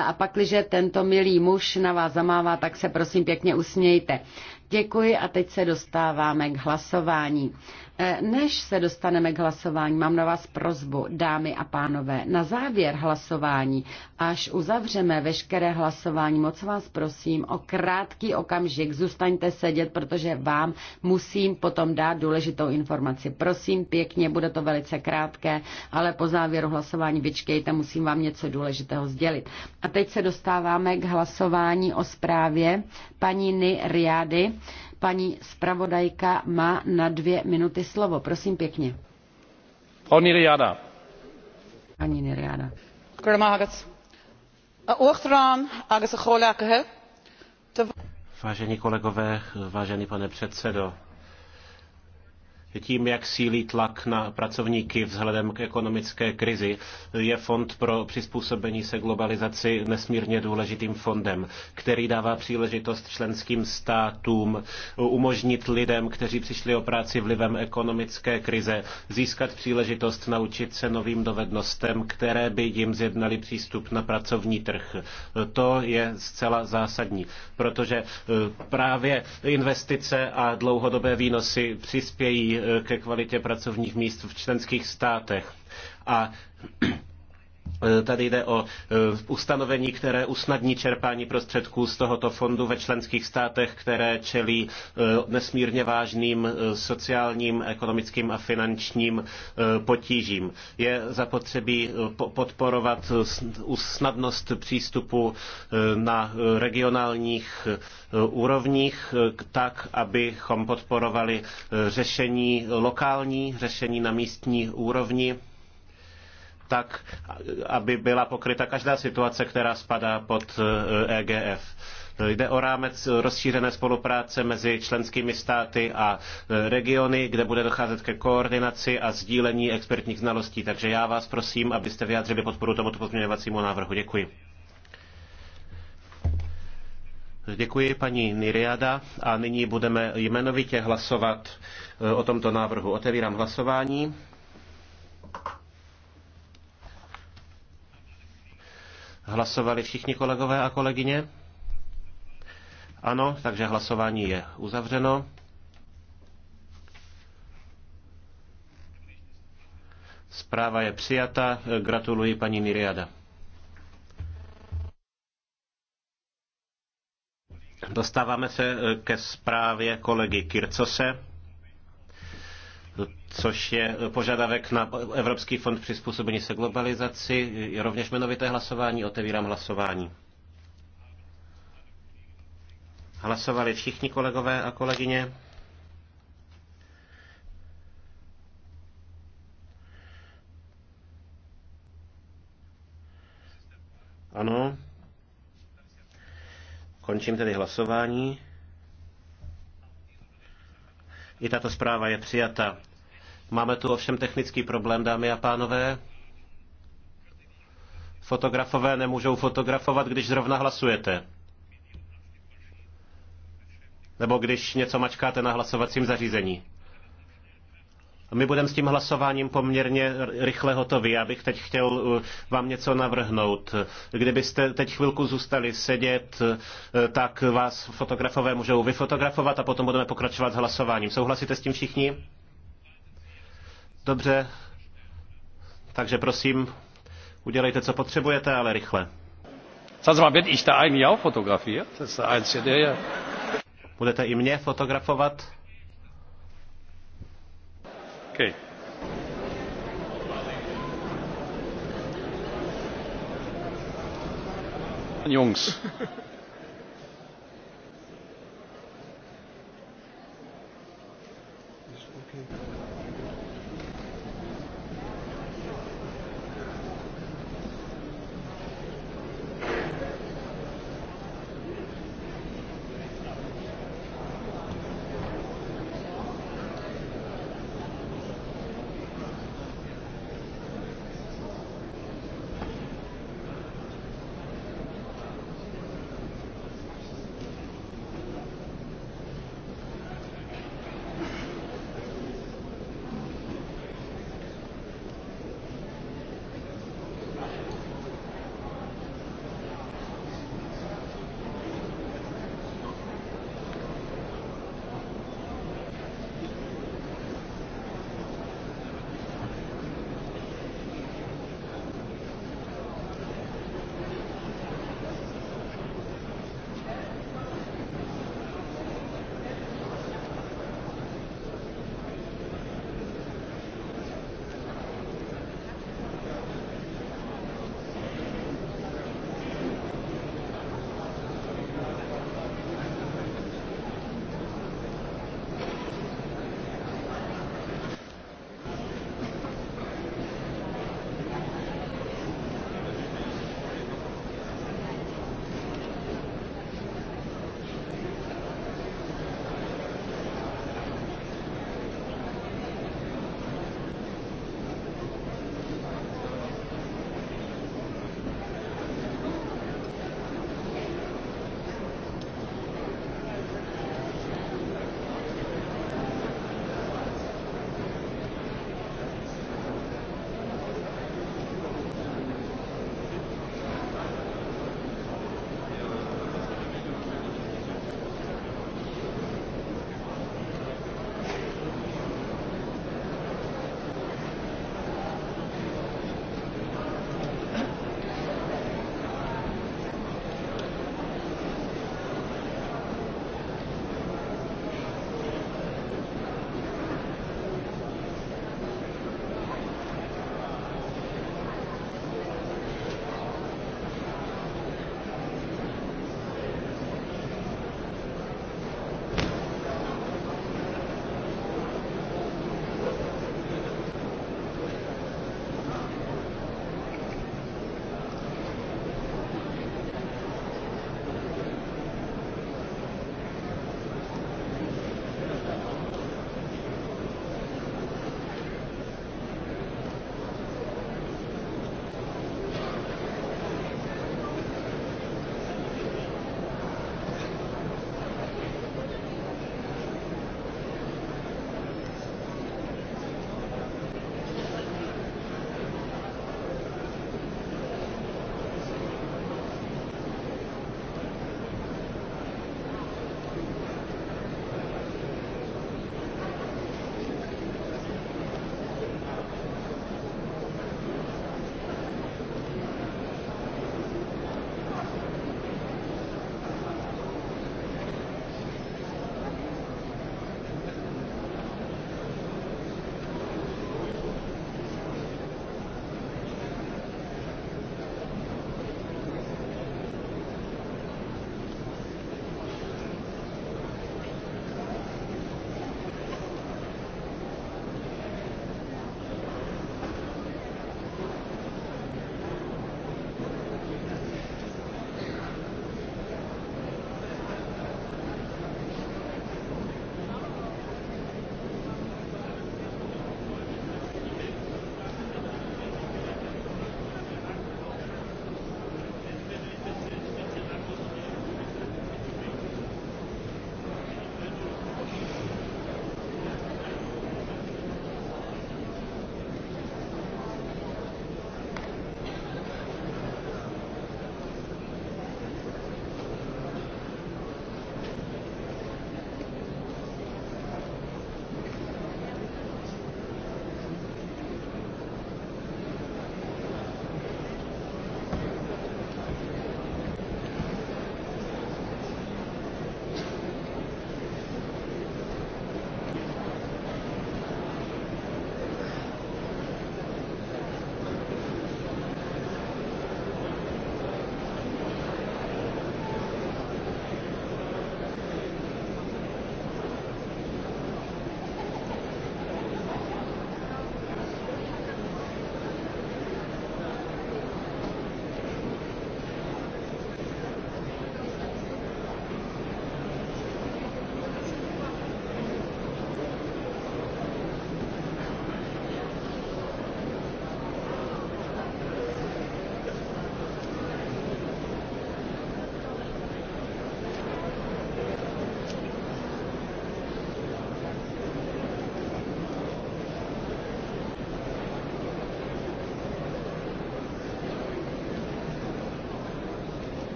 A pakliže tento milý muž na vás zamává, tak se prosím pěkně usmějte. Děkuji a teď se dostáváme k hlasování. E, než se dostaneme k hlasování, mám na vás prozbu, dámy a pánové, na závěr hlasování, až uzavřeme veškeré hlasování, moc vás prosím o krátký okamžik, zůstaňte sedět, protože vám musím potom dát důležitou informaci. Prosím pěkně, bude to velice krátké, ale po závěru hlasování vyčkejte, musím vám něco důležitého sdělit. A teď se dostáváme k hlasování o zprávě paní Ny Riady Paní zpravodajka má na dvě minuty slovo. Prosím pěkně. Pani Niriada. Pani Niriada. Eh, Vážení kolegové, vážený pane předsedo, tím, jak sílí tlak na pracovníky vzhledem k ekonomické krizi, je Fond pro přizpůsobení se globalizaci nesmírně důležitým fondem, který dává příležitost členským státům umožnit lidem, kteří přišli o práci vlivem ekonomické krize, získat příležitost naučit se novým dovednostem, které by jim zjednali přístup na pracovní trh. To je zcela zásadní, protože právě investice a dlouhodobé výnosy přispějí ke kvalitě pracovních míst v členských státech. A Eh, tady jde o eh, ustanovení, které usnadní čerpání prostředků z tohoto fondu ve členských státech, které čelí eh, nesmírně vážným sociálním, ekonomickým a finančním potížím. Je zapotřebí podporovat snadnost přístupu na regionálních úrovních tak, abychom podporovali řešení lokální, řešení na místní úrovni tak, aby byla pokryta každá situace, která spadá pod EGF. Eh, e Jde o rámec rozšířené spolupráce mezi členskými státy a eh, regiony, kde bude docházet ke koordinaci a sdílení expertních znalostí. Takže já vás prosím, abyste vyjádřili podporu tomuto pozměňovacímu návrhu. Děkuji. Děkuji paní Niriada a nyní budeme jmenovitě hlasovat eh, o tomto návrhu. Otevírám hlasování. Hlasovali všichni kolegové a kolegyně? Ano, takže hlasování je uzavřeno. Zpráva je přijata. Gratuluji paní Miriada. Dostáváme se ke zprávě kolegy Kircose což je požadavek na Evropský fond přizpůsobení se globalizaci. Je rovněž jmenovité hlasování, otevírám hlasování. Hlasovali všichni kolegové a kolegyně. Ano. Končím tedy hlasování. I tato zpráva je přijata. Máme tu ovšem technický problém, dámy a pánové. Fotografové nemůžou fotografovat, když zrovna hlasujete. Nebo když něco mačkáte na hlasovacím zařízení. My budeme s tím hlasováním poměrně rychle hotovi. Já bych teď chtěl uh, vám něco navrhnout. Kdybyste teď chvilku zůstali sedět, uh, tak vás fotografové můžou vyfotografovat a potom budeme pokračovat s hlasováním. Souhlasíte s tím všichni? Dobře. Takže prosím, udělejte, co potřebujete, ale rychle. Budete i mě fotografovat? Okay. jungs.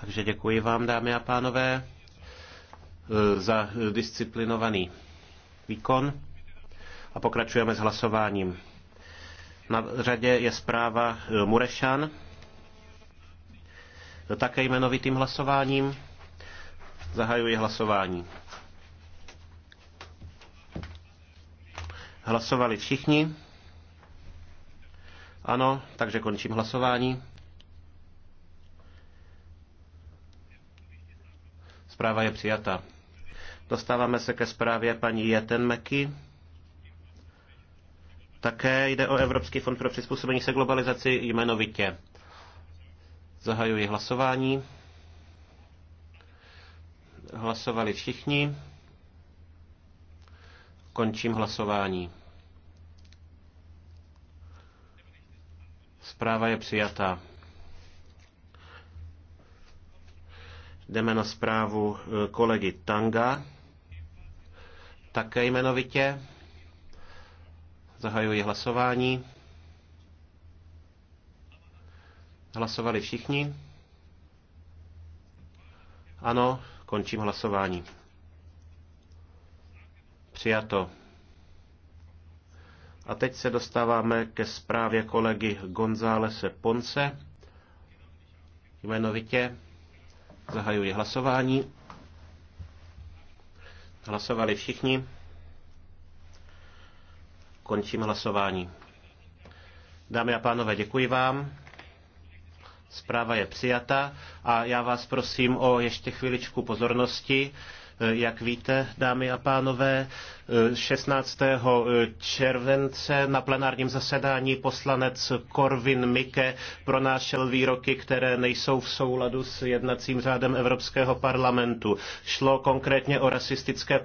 Takže děkuji vám, dámy a pánové, eh, za eh, disciplinovaný výkon a pokračujeme s hlasováním. Na řadě je zpráva eh, Murešan, také jmenovitým hlasováním. Zahajuji hlasování. Hlasovali všichni? Ano, takže končím hlasování. Zpráva je přijata. Dostáváme se ke zprávě paní Meky. Také jde o Evropský fond pro přizpůsobení se globalizaci jmenovitě. Zahajuji hlasování. Hlasovali všichni. Končím hlasování. Zpráva je přijatá. Jdeme na zprávu e, kolegy Tanga. Také jmenovitě. Zahajuji hlasování. Hlasovali všichni? Ano, končím hlasování. Přijato. A teď se dostáváme ke zprávě kolegy Gonzálese Ponce, jmenovitě Zahajuji hlasování. Hlasovali všichni. Končím hlasování. Dámy a pánové, děkuji vám. Zpráva je přijata a já vás prosím o ještě chviličku pozornosti. Jak víte, dámy a pánové, 16. července na plenárním zasedání poslanec Korvin Mike pronášel výroky, které nejsou v souladu s jednacím řádem Evropského parlamentu. Šlo konkrétně o rasistické